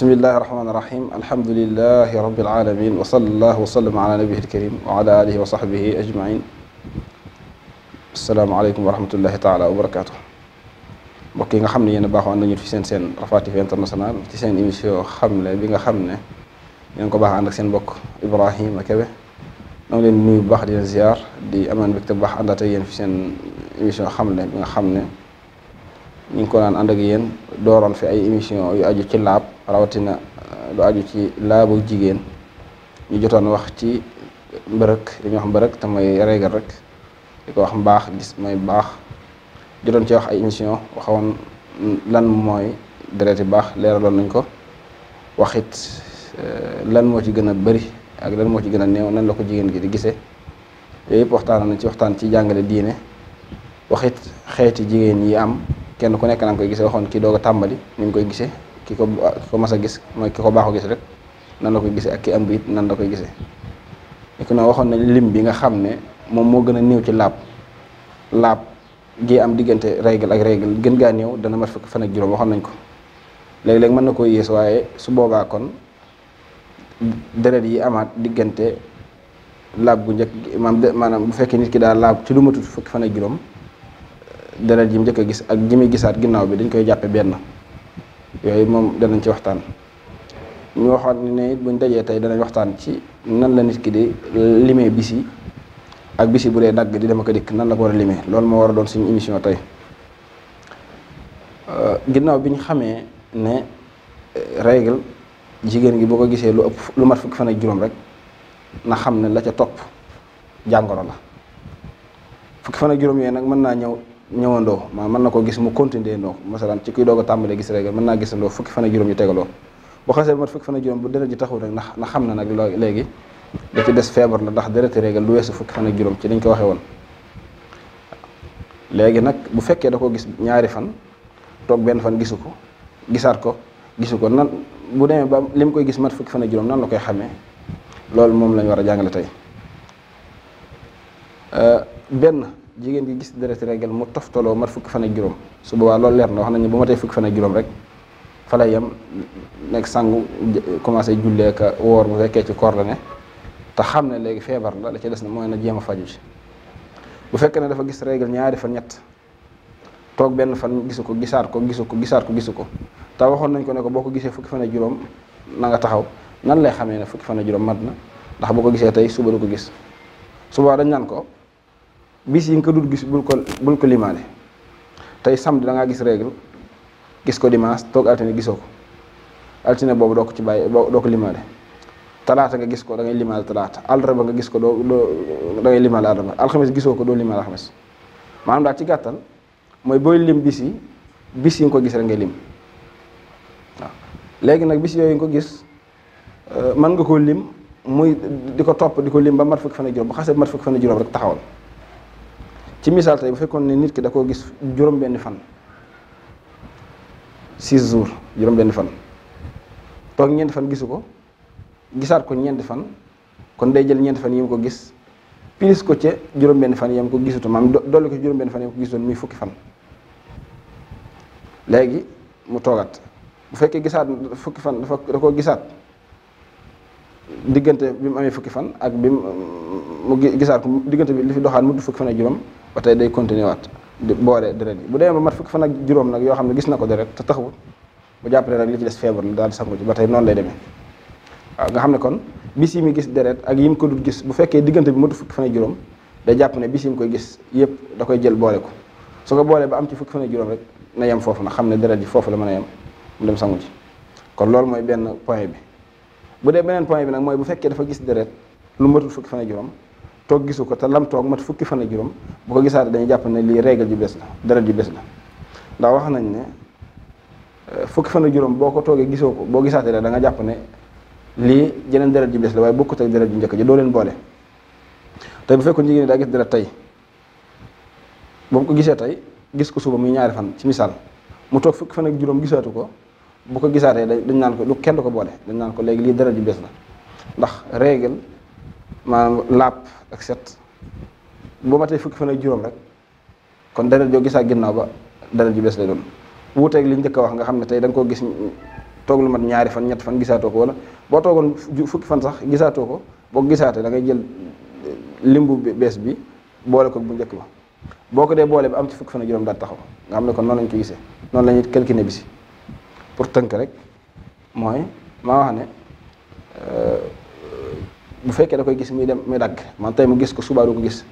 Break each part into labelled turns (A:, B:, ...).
A: bismillahi rahmaani rahim alhamdulilahi rabbil alamin wa sallallahu wa sallam ala nabihi alkarim wa ala alihi wa sahbihi ajmain asalaamaaleykum wa rahmatullahi taala wa barakatuh mbokk yi nga xam ne yéen a baaxoo ànd nañu fi seen seen Rafah TV international ci seen émission xamle bi nga xam ne yéen ko baax ànd ak seen mbokk Ibrahima Kebe ñoo ngi leen nuyu bu baax di leen ziar di amaan mbégte bu baax àndaat ak yéen fi seen émission xamle bi nga xam ne ñu ngi ko naan ànd ak yéen dooroon fi ay émission yu aju ci laab rawatina uh, lu aju ci laabu jigéen ñu jotoon wax ci mbërëk li ñuy wax mbërëk te mooy régal rek di ko wax mbaax gis mooy baax jotoon ci wax ay émission waxoon lan mooy dereti baax leeraloon nañ ko waxit uh, lan moo ci gën a bëri ak lan moo ci gën a néew nan la ko jigéen gi di gisee yooyu yëpp waxtaan na ci waxtaan ci jàngale diine waxit xeeti jigéen yi am kenn ku nekk na koy gisee waxoon kii doog a tàmbali ni ñu koy gisee ki ko ko mas a gis mooy ki ko baaxoo gis rek nan la koy gisee ak ki am it nan la koy gisee léegi nag waxoon nañ lim bi nga xam ne moom moo gën a néew ci laab laab gi am diggante règle ak règle gën gaa néew dana mat fukk fan juróom waxoon nañ ko léeg-léeg mën na koo yées waaye su boobaa kon deret yi amaat diggante laab gu njëkk maanaam bu fekkee nit ki daal laab ci lu matut fukki fan ak juróom deret yi mu njëkk gis ak ji gisaat ginnaaw bi dañ koy jàppe benn yooyu moom danañ ci waxtaan ñu ni ne buñ dajee tey danañ waxtaan ci nan la nit ki di limee bis ak bis bu dee dagg di dem ko dikk nan la ko war a limee loolu moo war a doon suñu émission tey euh, ginnaaw bi ñu xamee ne euh, règle jigéen gi boo ko gisee lu ëpp lu mat fukki fan ak juróom rek na xam ne la ca topp jàngoro la fukki fan ak juróom yooyu nag mën naa ñëw ñëwandoo maa mën na ko gis mu continuer ndoo masalan ci kuy doog a tàmbalee gis rek mën naa gisandoo fukki fan ak juróom ñu tegaloo bu xasee ba mat fukki fan ak juróom bu deret ji taxul rek na xam na nag léegi da ci des feebar la ndax deret régal du weesu fukki fan ak juróom ci dañ ko waxee woon léegi nag bu fekkee da ko gis ñaari fan toog benn fan gisu ko gisaat ko gisu ko nan bu demee ba li mu koy gis mat fukki fan a juróom nan la koy xamee loolu moom lañ war a jàngale tey euh, benn jigéen gi gis deret règle mu toftaloo mat fukki fan ak juróom su boobaa lool leer na wax nañu bu ma tey fukki fan ak juróom rek fa lay yem nekk sangu commencé jullee ka woor bu fekkee ci koor la ne te xam ne léegi feebar la la ci des na moo na jéem a faju si bu fekkee ne dafa gis règle ñaari fan ñett toog benn fan gisu ko gisaat ko gisu ko gisaat ko gisu ko te waxoon nañ ko ne ko boo ko gisee fukki fan ak juróom na nga taxaw nan lay xamee ne fukki fan ak juróom mat na ndax boo ko gisee tey suba ko gis suba dañ naan ko bis yi nga ko dul gis bul ko bul ko limaale tey samedi da ngaa gis règle gis ko dimanche toog altine gisoo ko altine boobu doo ko ci bàyyi doo ko limaale talaata nga gis ko dangay ngay limaale talaata àllarba nga gis ko doo da ngay limaale àllarba alxames gisoo ko doo limaale alxames maanaam daal ci gàttal mooy booy lim bis yi bis yi nga ko gis rek ngay lim waaw léegi nag bis yooyu nga ko gis euh, man nga koo lim muy di ko topp di ko lim ba mat fukki fan ak juróom ba xasee mat fukki fan juróom rek taxawal. ci misaal tey bu fekkoon ne nit ki da koo gis juróom-benn fan six jours juróom-benn fan toog ñeenti fan gisu ko gisaat ko ñeenti fan kon day jël ñeenti fan yi mu ko gis plus ko ca juróom-benn fan yam ko gisutu maam dolli ko juróom-benn fan yam ko gisutoon muy fukki fan léegi mu toogaat bu fekkee gisaat fukki fan dafa da koo gisaat diggante bi mu amee fukki fan ak bi mu gisaat ko diggante bi li fi doxaat mu fukki fan ak juróom ba tey day continuer waat di boole yi bu dee ma mat fukki fan ak juróom nag yoo xam ne gis na ko deret te taxawul bu jàppale nag li ci des feebar la daal di sangu ci ba tey noonu lay demee nga xam ne kon bis yi muy gis deret ak yi mu ko dul gis bu fekkee diggante bi mu fukki fan ak juróom day jàpp ne bis yi mu koy gis yëpp da koy jël boole ko su ko boolee ba am ci fukki fan ak juróom rek na yem foofu na xam ne deret ji foofu la mën a yem mu dem sangu ci kon loolu mooy benn point bi bu dee beneen point bi nag mooy bu fekkee dafa gis deret lu matul fukki fan ak juróom toog gisu ko te lam toog mat fukki fan juróom bu ko gisaatee dañuy jàpp ne lii régal ju bees la deret ju bees la ndax wax nañ ne euh, fukki fan ak juróom boo ko toogee gisoo ko boo gisaatee rek da nga jàpp ne lii jeneen deret ju bees la waaye bokkut ak deret ju njëkk ji doo leen bu fekkoon jigéen daa gis tey boo ko gisee tey gis ko suba muy ñaari fan ci misaal mu toog fukki fan ak juróom gisaatu ko bu ko gisaatee dañ naan ko du kenn ko boole dañ naan ko léegi lii dara ju bees la ndax régal maanaam laab ak set bu matee fukki fan a juróom rek kon dara joo gisaat ginnaaw ba dara ju bees lay doon wuuteeg li njëkk a wax nga xam ne tey danga nga koo gis toog lu mat ñaari fan ñett fan gisaatoo ko wala boo toogoon fukki fan sax gisaatoo ko boo gisaatee dangay jël limbu bees bi boole ko bu njëkk ba boo ko dee boole ba am ci fukki fan ak juróom daal taxaw nga xam ne kon noonu lañ ko gisee noonu la ñuy calculer bi pour tënk rek mooy ma wax ne euh, bu fekkee da koy gis muy dem muy dagg man tey mu gis ko subaa du ko gis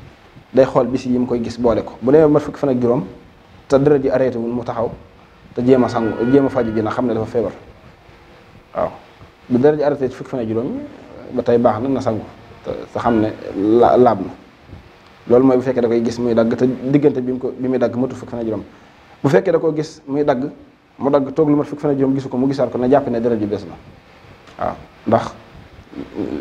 A: day xool bis yi mu koy gis boole ko bu demee mat fukki fan ak juróom te dara ji arrêté wul mu taxaw te jéem a sangu jéem a faju ji na xam ne dafa feebar waaw bu dara ji arrêté ci fukki fan ba tey baax na na sangu sa xam ne la laab na loolu mooy bu fekkee da koy gis muy dagg te diggante bi mu ko bi muy dagg matu fukk fan ak juróom bu fekkee da koo gis muy dagg mu dagg toog lu mat fukk fan ak juróom gisu ko mu gisaat ko na jàpp ne deret ju bees la waaw ndax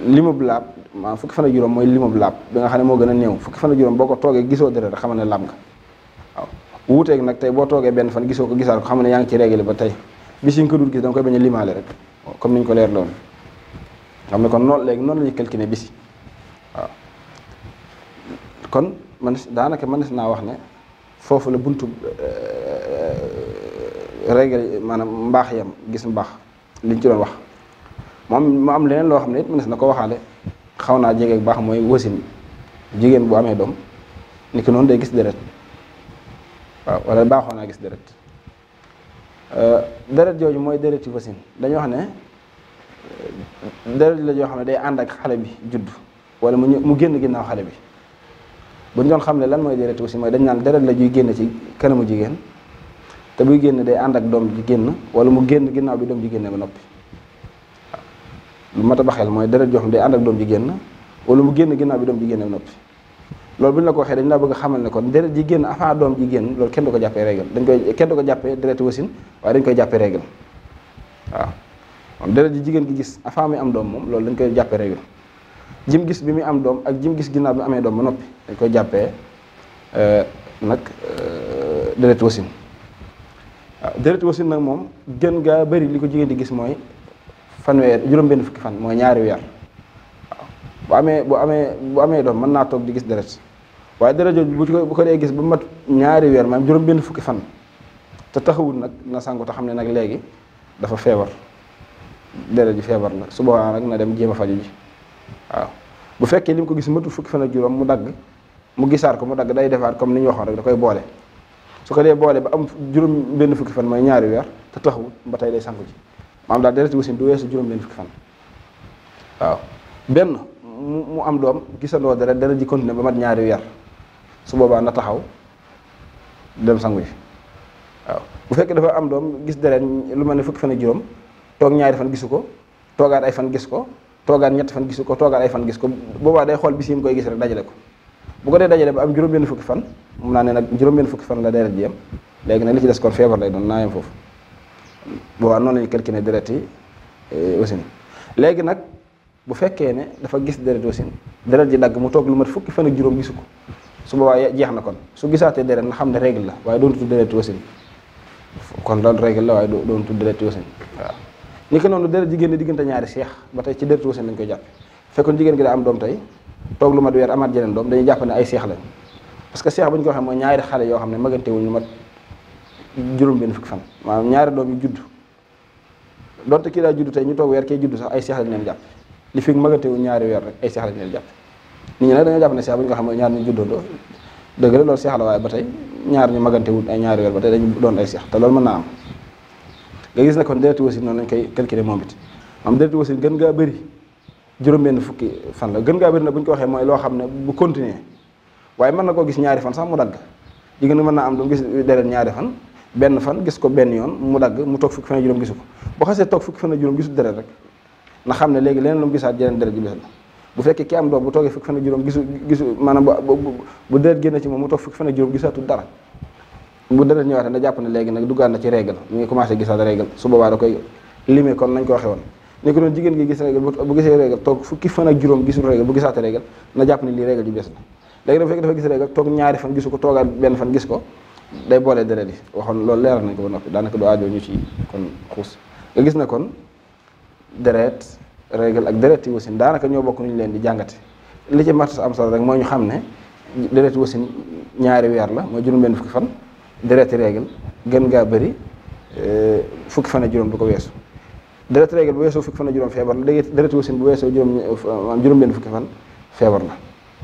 A: limub laab maa fukki fan ak juróom mooy limub laab bi nga xam ne moo gën a néew fukki fan ak juróom boo ko toogee gisoo deret xamal ne laab nga waaw wuuteeg nag tey boo toogee benn fan gisoo ko gisaat ko xamal ne yaa ngi ci réglé ba tey bis yi nga ko dul gis da koy bañ a limaale rek comme ñu ko leer loolu xam ne kon noonu léegi noonu la ñuy calculé bisi waaw man daanaka naa wax ne la buntu euh, régle maanaam mbaax yam gis mbaax liñ ci doon wax moom mu am leneen loo xam ne it mënees na ko waxaale xaw naa jege baax mooy wasin jigéen boo amee doom ni ki noonu day gis deret waaw wala baaxoo naa gis deret euh, deret jooju mooy deret wasin dañoo wax ne deret la joo xam ne day ànd ak xale bi judd wala mu génn ginnaaw xale bi bu ñu doon xam ne lan mooy deret wasin mooy dañ naan deret la juy génn ci kanamu jigéen te buy génn day ànd ak doom ji génn wala mu génn ginnaaw bi doom ji génne ba noppi lu mat a baxeel mooy deret jox xam day ànd ak doom ji génn wala mu génn ginnaaw bi doom ji génne ba noppi loolu bu ñu la ko waxee dañu laa bëgg xamal ne kon deret ji génn avant doom ji génn loolu kenn du ko jàppee régal dañ koy kenn ko jàppee deret wasin waaye dañ koy jàppee régal waaw ji jigéen gi gis avant mi am doom moom loolu dañ koy jàppee régal jim gis bi muy am doom ak jim gis ginnaaw bi mu amee doom ba noppi dañ koy jàppee euh, nag euh, deret wasin waaw ah, deret wasin nag moom gën gaa bari li ko jigéen di gis mooy fanweer juróom-benn fukki fan mooy ñaari weer waaw bu amee bu amee bu amee doom mën naa toog di gis deret waaye deret jooju bu ko dee gis ba mat ñaari weer maanaam juróom-benn fukki fan te taxawul nag na sangu te xam ne nag léegi dafa feebar deret ji feebar na su boobaa nag na dem jéem a faju ji waaw bu fekkee li ko gis matul fukki fan ak juróom mu dagg mu gisaat ko mu dagg day defaat comme ni ñu waxoon rek da koy boole su ko dee boole ba am juróom benn fukki fan mooy ñaari weer te taxawut ba tey day sangu ji maanaam daal deret wasin du weesu juróom benn fukki fan waaw benn mu am doom gisandoo deret dana ji ne ba mat ñaari weer su boobaa na taxaw dem sangu ji waaw bu fekkee dafa am doom gis deret lu mel ne fukki fan ak juróom toog ñaari fan gisu ko toogaat ay fan gis ko toogaat ñett fan gisu ko toogaat ay fan gis ko boobaa day xool bi yi mu koy gis rek dajale ko bu ko dee dajale ba am juróom-benn fukki fan mun naa ne nag juróom-benn fukki fan la deret ji yem léegi nag li des kon feebar lay doon naa yem foofu boobaa noonu la ñu calculé deret yi eh, nag bu fekkee ne dafa gis deret wasin deret ji dagg mu toog lu mat fukki fan ak juróom gisu ko su boobaa jeex na kon su gisaatee deret na xam ne règle la waaye doon tudd deret wasin kon loolu règle la waaye doon tudd deret wasin waaw ni ko noonu deret jigéen ne diggante ñaari seex ba tey ci deret wasin lañ koy jàpp fekkoon jigéen gi daa am doom tey toog lu mat weer amaat jeneen doom dañu jàpp ne ay seex lañ parce que seex bu ñu ko waxee mooy ñaari xale yoo xam ne magantewul ñu mat juróom benn fukki fan maa ñaari doom yu judd donte kii daa judd tey ñu toog weer kee judd sax ay seex neen leen jàpp li fi magantewul ñaari weer rek ay leen jàpp nit ñi nag dañoo jàpp ko xam ne ñaar ñu juddoo dëgg la la waaye ba tey ñaar ñu magantewul ay ñaari weer ba tey dañu doon ay seex te loolu mën naa am nga gis na kon deretu wasin noonu lañ koy calculer moom it maanaam deretu wasin gën ngaa bëri juróom-benn fukki fan la gën gaa wér na bu ñu ko waxee mooy loo xam ne bu continuer waaye mën na koo gis ñaari fan sax mu dagg jigéen mën naa am du gis deret ñaari fan benn fan gis ko benn yoon mu dagg mu toog fukki fan juróom gisu xasee toog fukki fan juróom gisu deret rek na xam ne léegi leneen lu mu gisaat jeneen deret ji bu bu toogee fukki fan juróom gisu gisu maanaam bu deret génn ci moom mu toog fukki fan juróom gisaatu dara bu deret ñëwaatee na jàpp na léegi nag duggaat na ci règle mu ngi commencé gisaat règle su boobaa da koy limé kon nañ ko waxee woon nekk doon jigéen gi gis régal bu gisee régal toog fukki fan ak juróom gisul régal bu gisaate régal na jàpp ne lii régal ju bees la léegi dafa gis régal toog ñaari fan gisu ko toogaat benn fan gis ko day boolee deret yi waxoon loolu leeral nañ ko ba noppi daanaka du aajoo ñu ci gis na kon deret régal ak deret yi wasin daanaka ñoo bokk ñu leen di jàngate li ci martas am solo rek mooy ñu xam ne deret wasin ñaari weer la mooy juróom benn fukki fan deret régal gën ngaa bëri eh, fukki fan ak juróom du ko weesu deret régal bu weesoo fukki fan ak juróom feebar na dé deret wasin bu weesoo juróom juróom benn fukki fan feebar na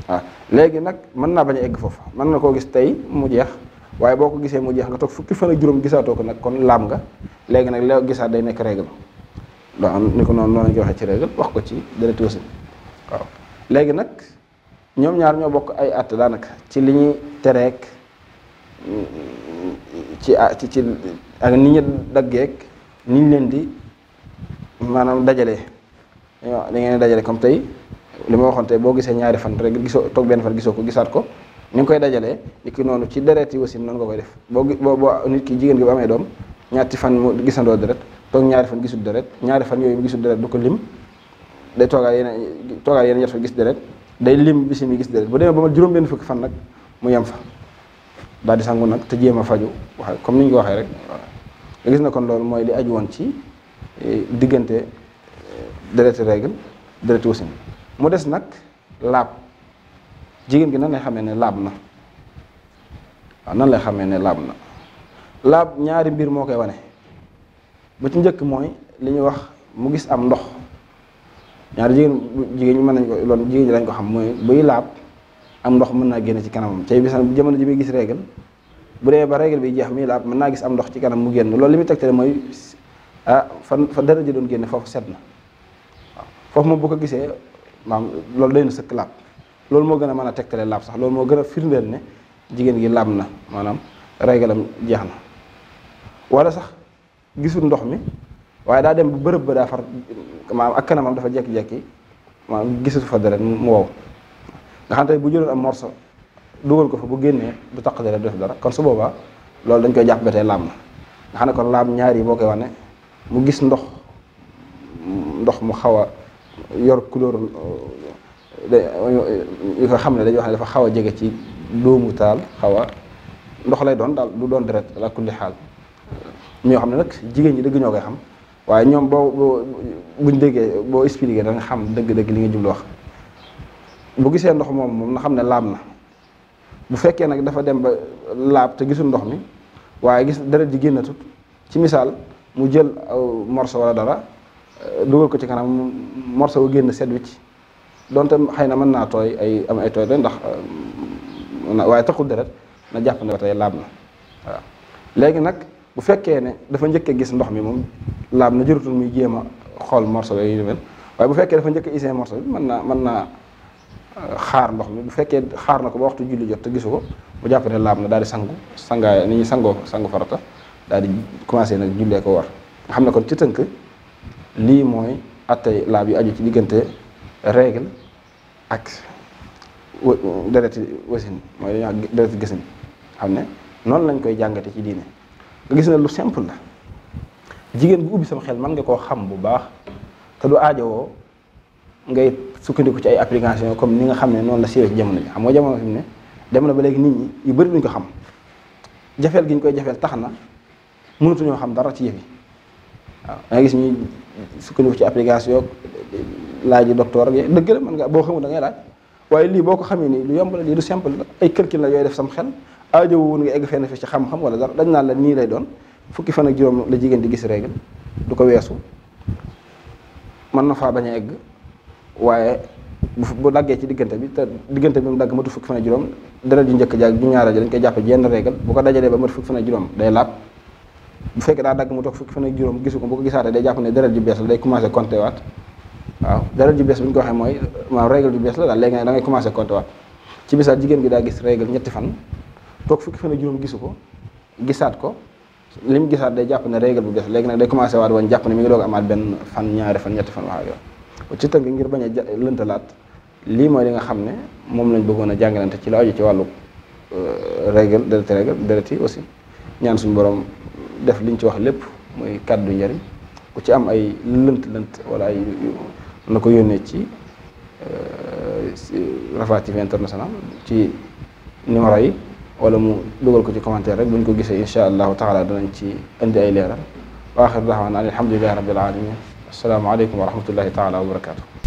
A: waaw léegi nag mën naa bañ a egg foofu mën na koo gis tey mu jeex waaye boo ko gisee mu jeex nga toog fukki fan a juróom gisaatoo ko nag kon laam nga léegi nag loo gisaat day nekk régal doo am ni ko noonu noonu ñu waxee ci régal wax ko ci deret wasin waaw léegi nag ñoom ñaar ñoo bokk ay at daanaka ci li ñuy tereek ci ci ak ni ñu daggeek ni ñu leen di maanaam dajale da ngeen dajale comme tey li ma waxoon tey boo gisee ñaari fan rek gisoo toog benn fan gisoo ko gisaat ko ni nga koy dajale ni ki noonu ci deret yi wasin noonu nga koy def boo boo boo nit ki jigéen gi bu doom ñaati fan mu gisandoo deret toog ñaari fan gisul deret ñaari fan yooyu mu gisul deret du ko lim day toogaa yeneen toogaa yeneen ñett fa gis deret day lim bis yi gis deret bu demee ba ma juróom benn fukki fan nag mu yem fa daal di sangu nag te jéem a faju wax comme ni ñu ko waxee rek nga gis na kon loolu mooy li aj woon ci diggante euh, dereti règle dereti wasin mu des nag laab jigéen gi nan lay xamee ne laab na waaw nan lay xamee ne laab na laab ñaari mbir moo koy wane ba ci njëkk mooy li ñuy wax mu gis am ndox ñaari jigéen jigéen ñi mën nañ ko loolu jigéen ñi lañ ko xam mooy buy laab am ndox mën naa génn ci kanamam cay bisa jamono ji muy gis règle bu dee ba règle bi jeex muy laab mën naa gis am ndox ci kanam mu génn loolu li muy tegtale mooy ah fan fa dara ji doon génne foofu set na foofu moom bu ko gisee maam loolu doy na sëkk laab loolu moo gën a mën a tegtale laab sax loolu moo gën a firndeel ne jigéen gi laab na maanaam raygalam jeex na wala sax gisul ndox mi waaye daa dem bu bërëb ba daa far maanaam ak kanamam dafa jekki-jekki maanaam gisatu fa dara mu wow nga xam te bu jëloon am morso dugal ko fa bu génnee du taq dara du def dara kon su boobaa loolu dañ koy jàpp ba tey na nga xam ne kon laab ñaar yi boo koy wax mu gis ndox ndox mu xaw a yor couleur yu nga xam ne dañuy wax dafa xaw a jege ci dóomu taal xaw a ndox lay doon daal du doon deret la kulli xaal ñoo xam ne nag jigéen ñi dëgg ñoo koy xam waaye ñoom boo boo buñ déggee boo expliqué da xam dëgg-dëgg li nga jublu wax bu gisee ndox moom moom na xam ne laab na bu fekkee nag dafa dem ba laab te gisul ndox mi waaye gis deret ji génnatut ci misaal mu jël aw morso wala dara euh, dugal ko ci kanam morso wu génn sedd ci donte xëy na mën naa tooy ay am ay tooy doy ndax euh, waaye taxul deret na jàpp ne ba tey laab na waaw léegi nag bu fekkee ne dafa njëkk gis ndox mi moom laab na jërutul muy jéem a xool morso yooyu mel waaye bu fekkee dafa njëkk a morso bi mën naa mën naa euh, xaar ndox mi bu fekkee xaar na ko ba waxtu julli jot te gisu ko mu jàpp laab na daal di sangu sangaay ni ñuy sangoo sangu farata daal di commencé nag jullee ko war nga xam ne ko ci tënk lii mooy attey laab yu aju ci diggante règle ak dereti wasin mooy dañoo dereti gësin xam ne noonu lañ koy jàngate ci diine nga gis ne lu simple la jigéen bu ubbi sama xel mën nga koo xam bu baax te du aajowoo ngay sukkandiku ci ay application comme ni nga xam ne noonu la siiwee ci jamono bi xam nga jamono fi ne dem na ba léegi nit ñi yu bari duñ ko xam jafeel gi ñu koy jafeel tax na ñoo xam dara ci yëf yi waaw da gis ñuy sukkandiku ci application laaj yi docteur ak dëgg mën nga boo xamul da ngay laaj waaye lii boo ko xamee nii lu yomb la lii du simple la ay calcul la yooyu def sam xel aajo woon nga egg fenn fi ci xam-xam wala dara dañ naa la nii lay doon fukki fan ak juróom la jigéen di gis règle du ko weesu mën na faa bañ a egg waaye bu daggee ci diggante bi te diggante bi mu dagg matu fukki fan ak juróom dara ju njëkk jaag ju ñaara ji dañ koy jàpp jenn règle bu ko dajalee ba matu fukki fan ak juróom day laab bu fekkee daa dagg mu toog fukki fan ak juróom gisu ko bu ko gisaatee day jàpp ne deret ju bees la day commencé compter waat waaw deret ju bees bi ñu ko waxee mooy maanaam règle ju bees la daal léegi nag da ngay compter waat ci misaal jigéen bi daa gis règle ñetti fan toog fukki fan ak juróom gisu ko gisaat ko li mu gisaat day jàpp ne règle bu bees léegi nag day commencé waat woon jàpp ne mi ngi doog amaat benn fan ñaari fan ñetti fan wax ak yow ci tënk ngir bañ a lëntalaat lii mooy li nga xam ne moom lañ bëggoon a jàngalante ci la ci wàllu euh, règle deret règle deret yi aussi ñaan suñu borom def liñ ci wax lépp muy kàddu njariñ ku ci am ay lënt lënt wala ay na ko yónnee ci euh, Rafah TV international ci numéro yi wala mu dugal ko ci commentaire rek bu ñu ko gisee incha allahu taala danañ ci indi ay leeral wa axir daxwaana an alhamdulilahi rabbil alamin assalaamu aleykum wa rahmatullahi taala wa barakatu